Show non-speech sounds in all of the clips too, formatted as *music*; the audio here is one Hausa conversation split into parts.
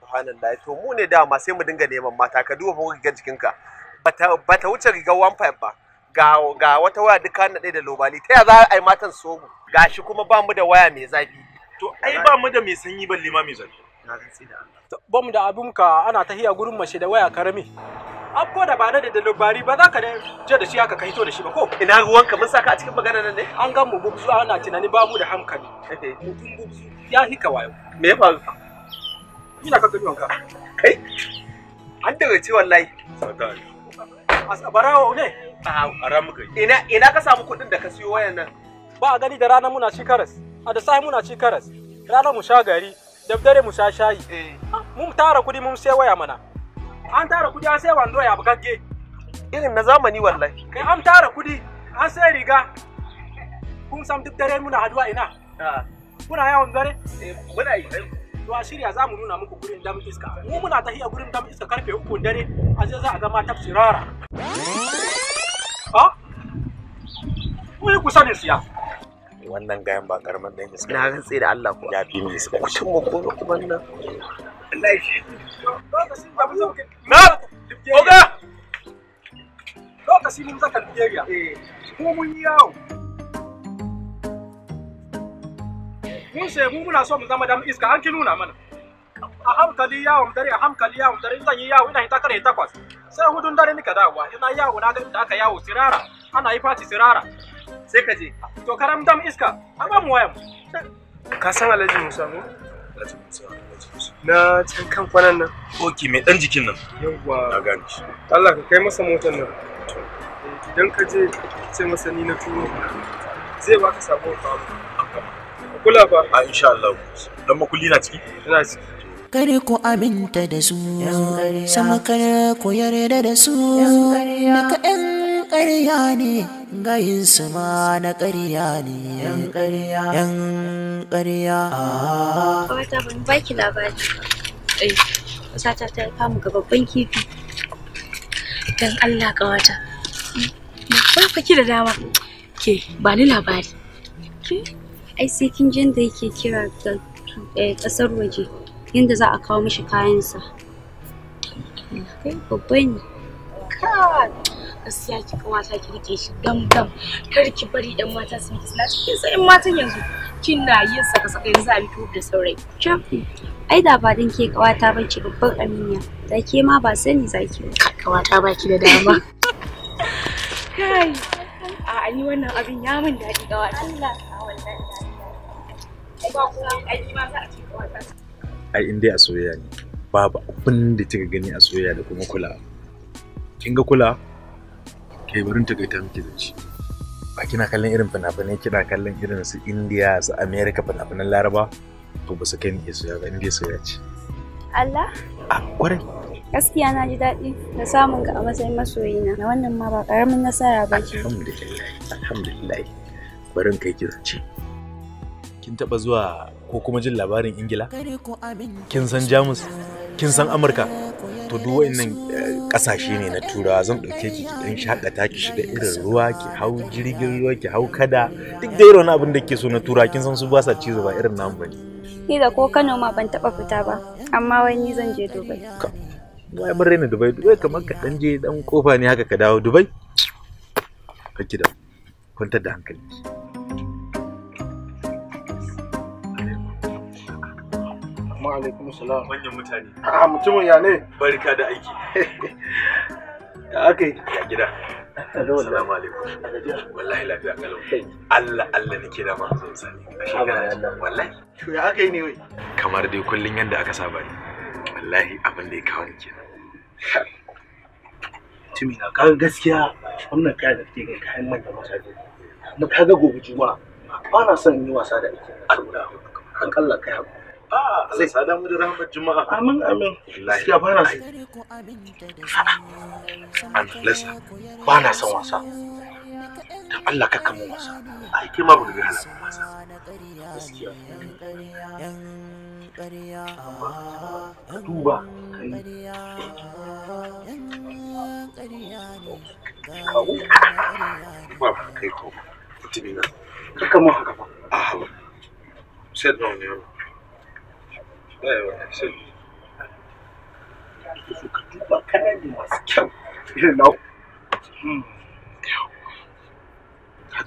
subhanallah to mu ne dama sai mu dinga neman mata ka duba fa rigar jikinka bata bata wuce rigar one five ba ga ga wata waya duka na da lobali ta ya za a yi matan sogo gashi kuma ba mu da waya mai zafi to ai ba mu da mai sanyi balle ma mai zafi ba mu da abin ka ana ta hiya gurin mace da waya karami abko da ba da da lubari ba za ka da je da shi haka ka hito da shi ba ko ina ruwan ka mun saka a cikin magana nan ne an ga mu bubzu ana tunani ba mu da hankali mutum bubzu ya hika wayo me ya faru ina ka wanka kai an daga ci wallahi sadari a barawo ne a ah, ara muka ina ina ka samu kuɗin da ka siyo wayan nan ba a gani da rana muna ci karas a da sai muna ci karas rana mu sha gari da dare mu sha shayi eh. mun tara kuɗi mun sai waya mana an tara kuɗi an sai wando ya bugagge irin na zamani wallahi kai eh, an tara kuɗi an sai riga kun san duk dare muna haduwa ina ah. kuna yawan dare eh, muna yi to a shirya za mu nuna muku gurin dam iska mu muna tahiya gurin dam iska karfe uku dare a je za a ga mata sirara ha ah? mu yi kusa da siya wannan gayan ba karamin dan iska na rantsi da Allah ko ya fi ni iska mutum mu ko kuma nan wallahi shi na oga lokacin mun zaka Nigeria eh ko mun yi yawo mun sai mu muna so mu zama dan iska an ki nuna mana a hankali yawon dare a hankali yawon dare zan yi yawo ina hita kare takwas sai hudun dare nika dawowa ina yawo na ga inda aka yawo sirara ana yi faci sirara sai ka je to karam dam iska an ba mu wayan ka san alhaji musa ko musa na can kan kwanan nan oki mai dan jikin nan yawwa na gani Allah ka kai masa motar nan idan ka je sai masa ni na turo zai baka sabon babu kula ba a ah, insha Allah dan makulli na ciki ina ciki kare ku aminta da su sama kare ku yarda da su na ka yan ƙarya ne gayin su ma na ƙarya ne yan ƙarya yan ƙarya wata ban baki labari eh sata ta kamu ga babban kifi dan Allah ka wata ba ki da dama ke ba ni labari ke ai sai kin da yadda yake kira da eh, ƙasar waje yadda za a kawo mishi kayansa kai babba ne gaskiya ki kamata ki rike shi gam gam kar ki bari dan mata su miki na cikin sayin matan yanzu kina yin saka saka yanzu a miki da saurayi chafi ai da ba din ke kawata bace babban aminiya da ke ma ba sani zaki kawata baki da dama *laughs* kai a ni wannan abin ya min daɗi kawata Allah ai in dai a soyayya ne babu abin da kika gani a soyayya da kuma kula kin ga kula kai barin ta gaita miki da shi ba kina kallon irin fina-finai kina kallon irin su India su America fina-finan Laraba to ba su kai ne soyayya ba in dai soyayya ce Allah a ah, kwarai gaskiya na ji daɗi na samun ka a matsayin masoyina na wannan ma ba ƙaramin nasara ba ce alhamdulillah alhamdulillah barin kai ki ce. kin taba zuwa ko kuma jin labarin ingila kin san jamus kin san amurka to duk wa'annan kasashe eh, ne na turawa zan ɗauke ki dan shakata ki shiga irin ruwa ki hau jirgin ruwa ki hau kada duk da irin abin da ke so na turawa kin san su ba sa cizo ba irin namu bane ni da ko Kano ma ban taba fita ba amma wai ni zan je Dubai wai mun raina Dubai Dubai kamar ka dan je dan kofa ne haka ka dawo Dubai kake da kwantar da hankali. Wa alaikum salam. Manyan mutane. ya ne? Barka da aiki. *laughs* Ya aka Ya gida. alaikum. Wallahi lafiya kalau. Allah Allah da ma zan sani. A shekara wallahi. To ya aka yi ne wai? Kamar dai kullun yanda aka saba ne. Wallahi abin da ya kawo kenan. na kaga gaskiya wannan kayan da kake kayan manyan mutane. Kuma kaga gobe juma'a ba na son yi wasa da ake. Ah, Allah sa damu da rahmar juma'a. Amin amin. Gaskiya ba na son. ba Bana son wasa. Dan Allah ka kama wasa. Ai ke ma ba ga wasa. Gaskiya. Duba kai. Kawo. Ba kai ko. Mutumina. Ka haka ba. sai da wani ka duba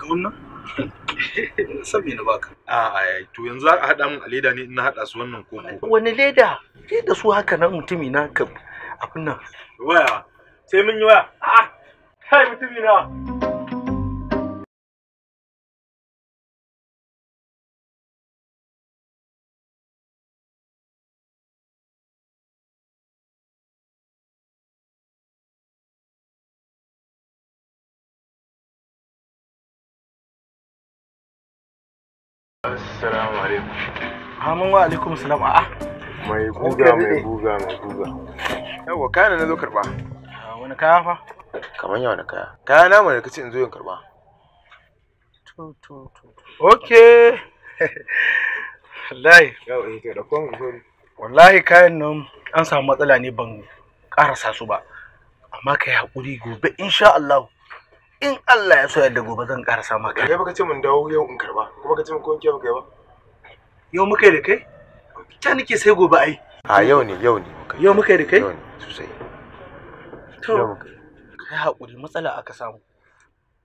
wannan san me na baka to yanzu za a haɗa min a leda ne na haɗa su wannan ko wani leda ke da su haka nan mutumi na ka abin nan waya sai mun yi waya a ah. kai mutumi na Assalamu alaikum. Hamun ah, wa alaikum salam a'a. Mai mai mai kayan na zo karba. Ah, wani kaya fa? Kamar yawa wani kaya. Kaya na mai kace in zo yin karba. To to to. Okay. *laughs* Wallahi. da eh, kon Wallahi kayan nan an samu matsala ne ban karasa su ba. Amma kai hakuri gobe insha Allah. in Allah ya so yadda gobe zan karasa maka. Kai baka ce mun dawo yau in karba, kuma ka ce mun ko in ba. yau muka yi da kai ta nake sai gobe ai a yau ne yau ne yau muka yi da kai sosai to kai hakuri matsala aka samu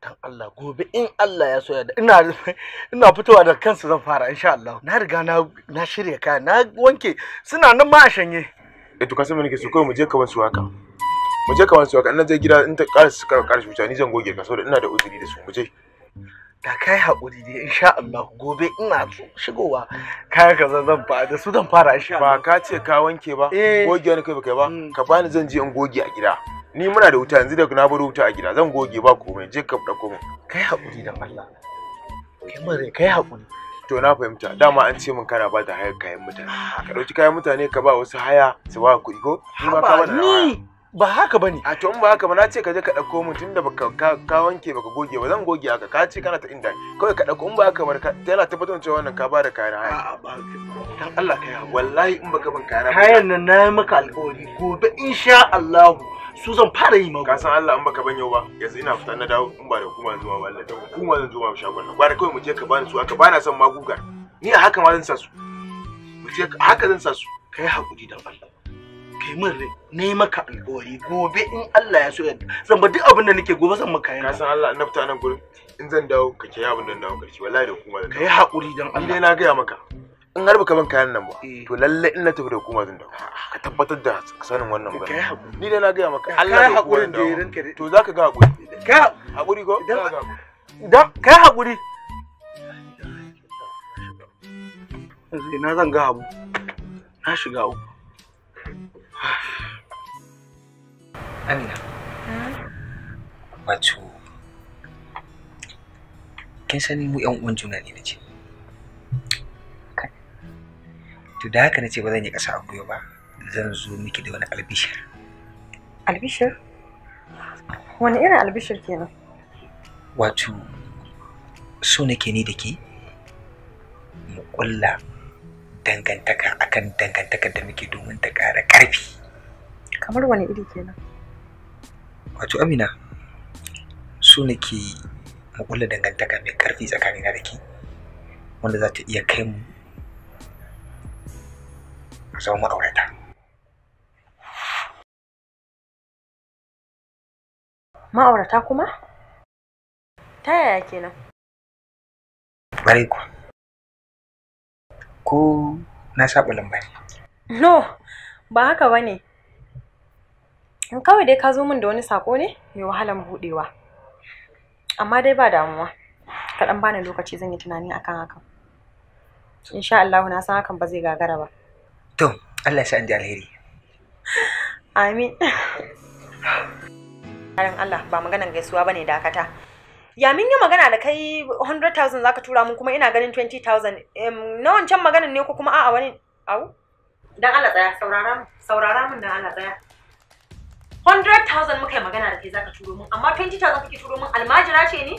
dan Allah gobe in Allah ya so ya da ina ina fitowa da kansu zan fara insha Allah na riga na na shirya kaya na wanke suna nan ma shanye eh to ka san me nake so kai mu je ka wasu haka mu je ka wasu haka ina je gida in ta karasu karasu wuta ni zan goge ka saboda ina da uzuri da su mu je da kai haƙuri dai insha Allah gobe ina shigowa kayan kaza zan ba da su zan fara insha Allah ba ka ce ka wanke ba eh. goge wani kai kai ba mm. ka bani zan je in goge a gida ni muna da wuta yanzu da na bar wuta a gida zan goge ba komai je ka da komai kai haƙuri dan Allah kai mare kai haƙuri to na fahimta dama an ce min kana ba da hayar kayan mutane ka dauki kayan mutane ka ba wasu haya su ba kuɗi ko ni ma ka ba ni ba haka bane a to in ba haka ba na ce ka je ka dauko mu tunda baka ka wanke baka goge ba zan goge haka ka ce kana ta inda kawai ka dauko in ba haka ba yana tabbatar cewa wannan ka bada kayan haya a'a ba dan Allah kai wallahi in baka ban kayan kayan nan na maka alƙawari gobe insha Allah su zan fara yi maka ka san Allah in baka ban yau ba yanzu ina fita na dawo in ba da hukuma zuwa Allah da hukuma zan zuwa shagon nan gwara kawai mu je ka bani su haka bana son magugar ni a haka ma zan sa su mu je haka zan sa su kai hakuri da Allah ɓaci min rai na yi maka alƙawari gobe in Allah ya so yadda zan ba duk abin da nake gobe zan maka yana. Kasan Allah na fita nan gurin in zan dawo ka kiyaye abin da dawo karshe wallahi da kuma. Ka yi haƙuri don Allah. Ni na gaya maka. In har baka ban kayan nan ba eh. to lalle in na tafi da hukuma zan dawo. Ah. Ka tabbatar da sanin wannan ba. Ni dai na gaya maka. Allah da haƙurin da ya ranka dai. To zaka ga hakuri. Ka haƙuri ko? Dan ka hakuri Na zan ga abu. Na shiga uku. amina wato kin sani mu yan uwan juna ne na ce to da haka na ce ba zan yi ƙasa a gwiwa ba zan zo miki da wani albishir albishir wani irin albishir kenan wato so nake ni da ke mu ƙulla dangantaka akan dangantakar da muke domin ta ƙara ƙarfi kamar wani iri kenan wato amina su nake ke kulla dangantaka mai karfi tsakanina da ke wanda za ta iya kai mu zama ma'aurata ma'aurata kuma ta yaya kenan bare kuwa ko na saba lamba no ba haka ba ne In kawai dai ka zo min da wani sako ne mai wahalan buɗewa. Amma dai ba damuwa. Ka ɗan bani lokaci zan yi tunani akan hakan. Insha Allah na san hakan ba zai gagara ba. To, Allah ya sa ji alheri. Amin. Karin Allah ba maganan gaisuwa bane dakata. Ya min yi magana da kai 100,000 zaka tura mun kuma ina ganin 20,000. Na wancan maganan ne ko kuma a'a wani au? Dan Allah tsaya saurara min saurara mun dan Allah tsaya. 100,000 muka yi magana da kai zaka turo min amma 20,000 kake turo min almajira ce ne?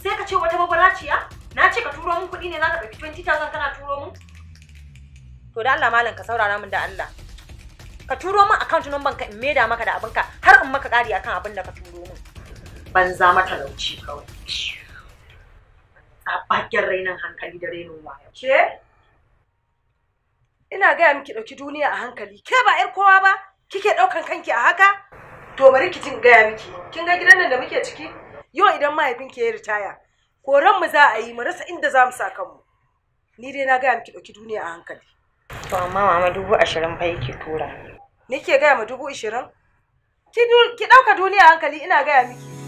Sai ka ce wata babaraciya? Na ce ka turo min kuɗi ne zaka ɗauki 20,000 kana turo min? To da Allah malam ka saurara min da Allah. Ka turo min account number ka in maida maka da abinka har in maka ƙari akan abin da ka turo min. za mata lauci kawai. bakin rainan hankali da rainan waya. Ke? Ina gaya miki ɗauki duniya a hankali. Ke ba 'yar kowa ba? kike ɗaukan kanki a haka to bari ki jin gaya miki kin ga gidan nan da muke ciki yau idan mahaifin ke ya ritaya koran mu za a yi mu rasa inda za mu sa kanmu ni dai na gaya miki dauki duniya a hankali to amma mama dubu ashirin fa yake tura nike gaya ma dubu ashirin ki ɗauka duniya a hankali ina gaya miki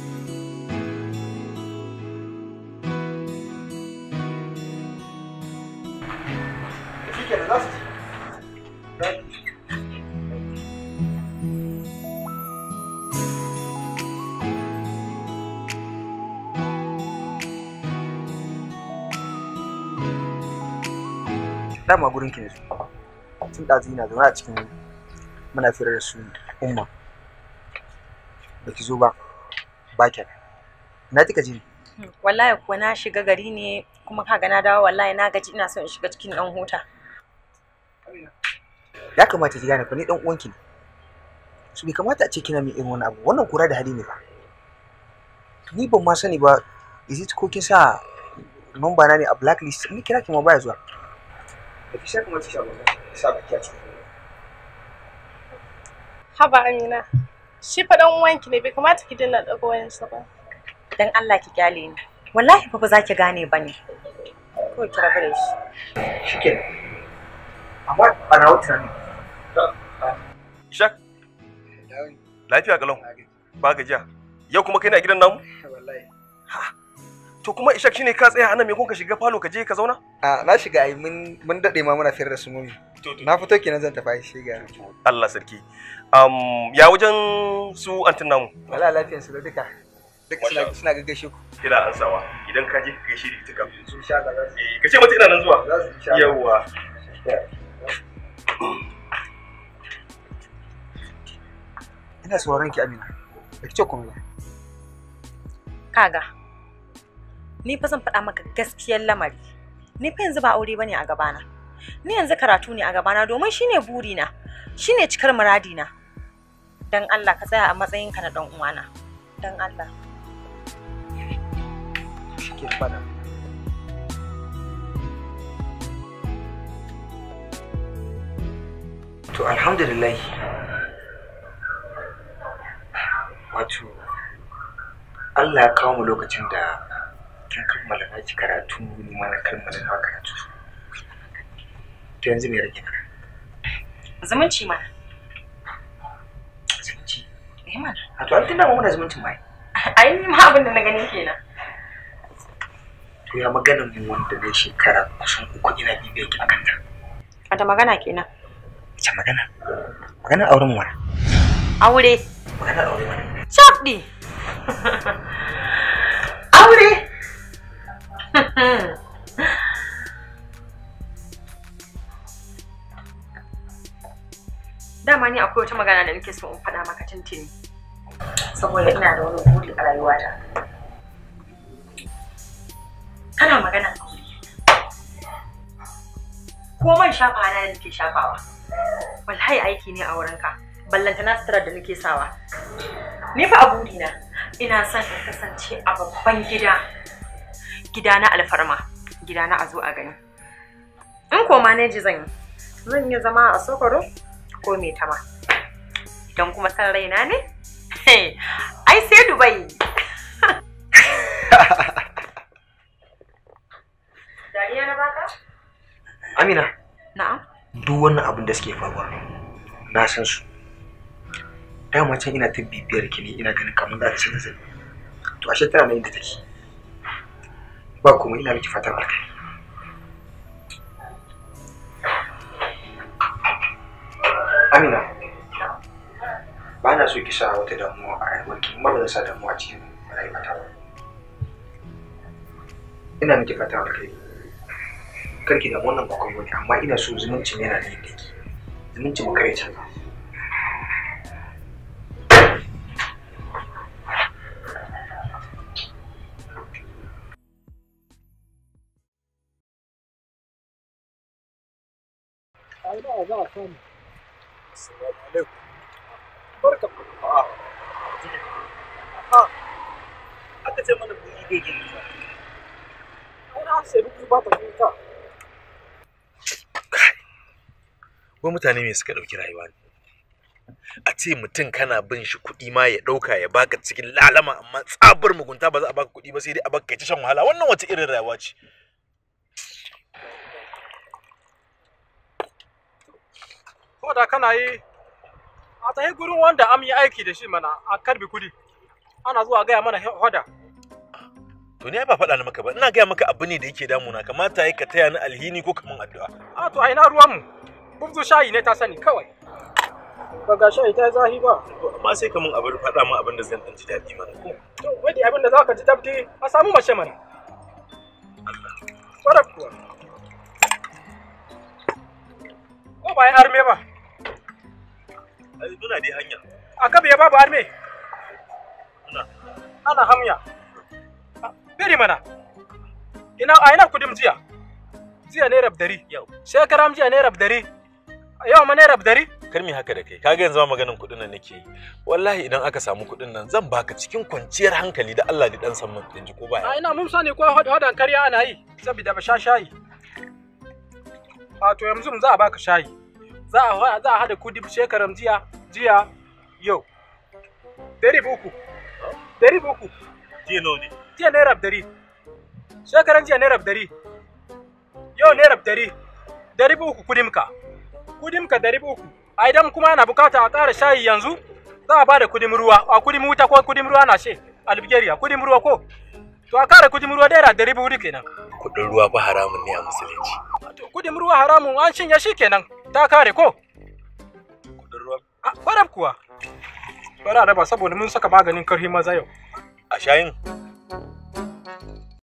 dama gurin ki ne su tun ɗazu yana zaune a cikin muna firar da su umma da ki zo ba ba ki na tika jini wallahi kuwa na shiga gari ne kuma kaga na dawo wallahi na gaji ina son in shiga cikin ɗan huta ya kamata ki gane fa ni dan uwanki ne su bai kamata a ce kina min irin wani abu wannan kura da hali ne fa ni ban ma sani ba is it ko kin sa number na ne a blacklist ni kira ki ma baya zuwa ki sha kuma ki sha ba sa baki a cikin haba amina shi fa dan uwanki ne bai kamata ki dinga dago wayansa ba dan Allah ki kyale ni wallahi fa ba za ki gane ba ne ko ki rabu da shi shike amma ana wuta ne shak lafiya galau ba gajiya yau kuma kai na gidan namu wallahi ha To kuma Ishak shine ka tsaya anan me kun ka shiga falo ka je ka zauna? A na shiga ai mun mun dade ma muna fira da su mami. Na fito kenan zan tafi shiga. Allah sarki. Um ya wajen su antin namu. Wala lafiyar su duka. Duk suna suna gaggashe ku. Ina ansawa. Idan ka je ka gaishe da ita kafin su ga Allah. Eh ka ce mata ina nan zuwa. Za Yawwa. Ina sauraron ki Amina. Da kice kuma. Kaga. ni fa zan faɗa maka gaskiyar lamari ni fa yanzu ba aure bane a gabana ni yanzu karatu ne a gabana domin shine burina shine cikar muradina dan Allah ka tsaya a matsayinka na dan uwana dan Allah shikir fada to alhamdulillah wato Allah ya kawo mu lokacin da kammala naki karatu ni ma na kammala nawa karatu to yanzu me rage mana zumunci mana zumunci eh mana a to an tunda mu muna zumuncin mai ai ni ma abin da na gani kenan to ya magana mu wanda ne shekara kusan uku ina bibiyar ki akan ta a ta magana kenan ta magana magana auren mu mana aure magana auren mu chapdi *laughs* aure *laughs* dama ni akwai wata magana da nake so in faɗa maka tuntuni saboda ina da wani buri a rayuwata kana magana ko man shafa na da nake shafawa wallahi aiki ne a wurinka ballantana sutura da nake sawa ni fa a burina ina son in kasance a babban gida gida na alfarma gida na a zo a gani in ko maneji zan yi zan yi zama a sokoro ko mai tama idan kuma san raina ne ai sai dubai *laughs* dariya na baka amina na'am duk wannan abin da suke faruwa na san su dama can ina ta bibiyar ki ne ina ganin kamar za ta ci nazari to ashe tana nan inda take ba kuma ina miki fatan alkai amina ba na so ki sa wata damuwa a rayuwarki kuma ba sa damuwa a cikin rayuwata ba ina miki fatan alkai karki da wannan bakon wani amma ina so zumuncin yana da yadda zumuncin mu kare canza ya za a samu assalamu alaikum barka a a ah, ah, aka ce mana kuɗi bai gina ba ai na sai ruku ba ta kuka wai mutane me suka ɗauki rayuwa ne a ce mutum kana bin shi kuɗi ma ya ɗauka ya baka cikin lalama amma tsabar mugunta ba za a baka kuɗi ba sai dai a baka kai ta shan wahala wannan wace irin rayuwa ce ko da kana yi a tsaye gurin wanda am yi aiki da shi mana a karbi kudi ana zuwa gaya mana hoda to ne ba faɗa maka ba ina gaya maka abu ne da yake damuna kamata yi ka taya ni alhini ko kaman addu'a a to a ina ruwan mu bubzu shayi ne ta sani kawai ba ga shayi ta zahi ba to amma sai kaman abu faɗa mu abin da zan dan ji daɗi mana to wadi abin da zaka ji dabdi a samu mace mana Allah ko ba ya arme ba Muna dai hanya. A kabe ya babu arme? Ana hamya. Ah, beri mana. Ina a ina kudin jiya. Jiya ne rab dari. Yau. Shekaram jiya ne rab dari. Yau ma ne rab dari. Kar mi haka da kai. Kaga yanzu ma maganin kuɗin nan nake yi. Wallahi idan aka samu kuɗin nan zan baka cikin kwanciyar hankali da Allah da ɗan san mun ji ko baya. A ina mun sani ko hadan karya ana yi saboda ba sha shayi. Wato yanzu za a baka shayi. za a za a hada kudi shekaran jiya jiya yau dari uku dari uku jiya nawa ne jiya naira dari shekaran jiya naira dari yau naira dari dari uku Kudin ka dari uku a idan kuma yana bukata a ƙara shayi yanzu za a ba da kudin ruwa a kudin wuta ko kudin ruwa na she albigeria kudin ruwa ko to a kara kudin ruwa naira dari hudu kenan kudin ruwa ba haramun ne a musulunci kudin ruwa haramun an shinya shi kenan Ta kare ko? Kudin ruwan. Kwaram kuwa. Bara raba saboda mun saka maganin karhi maza yau. A shayin.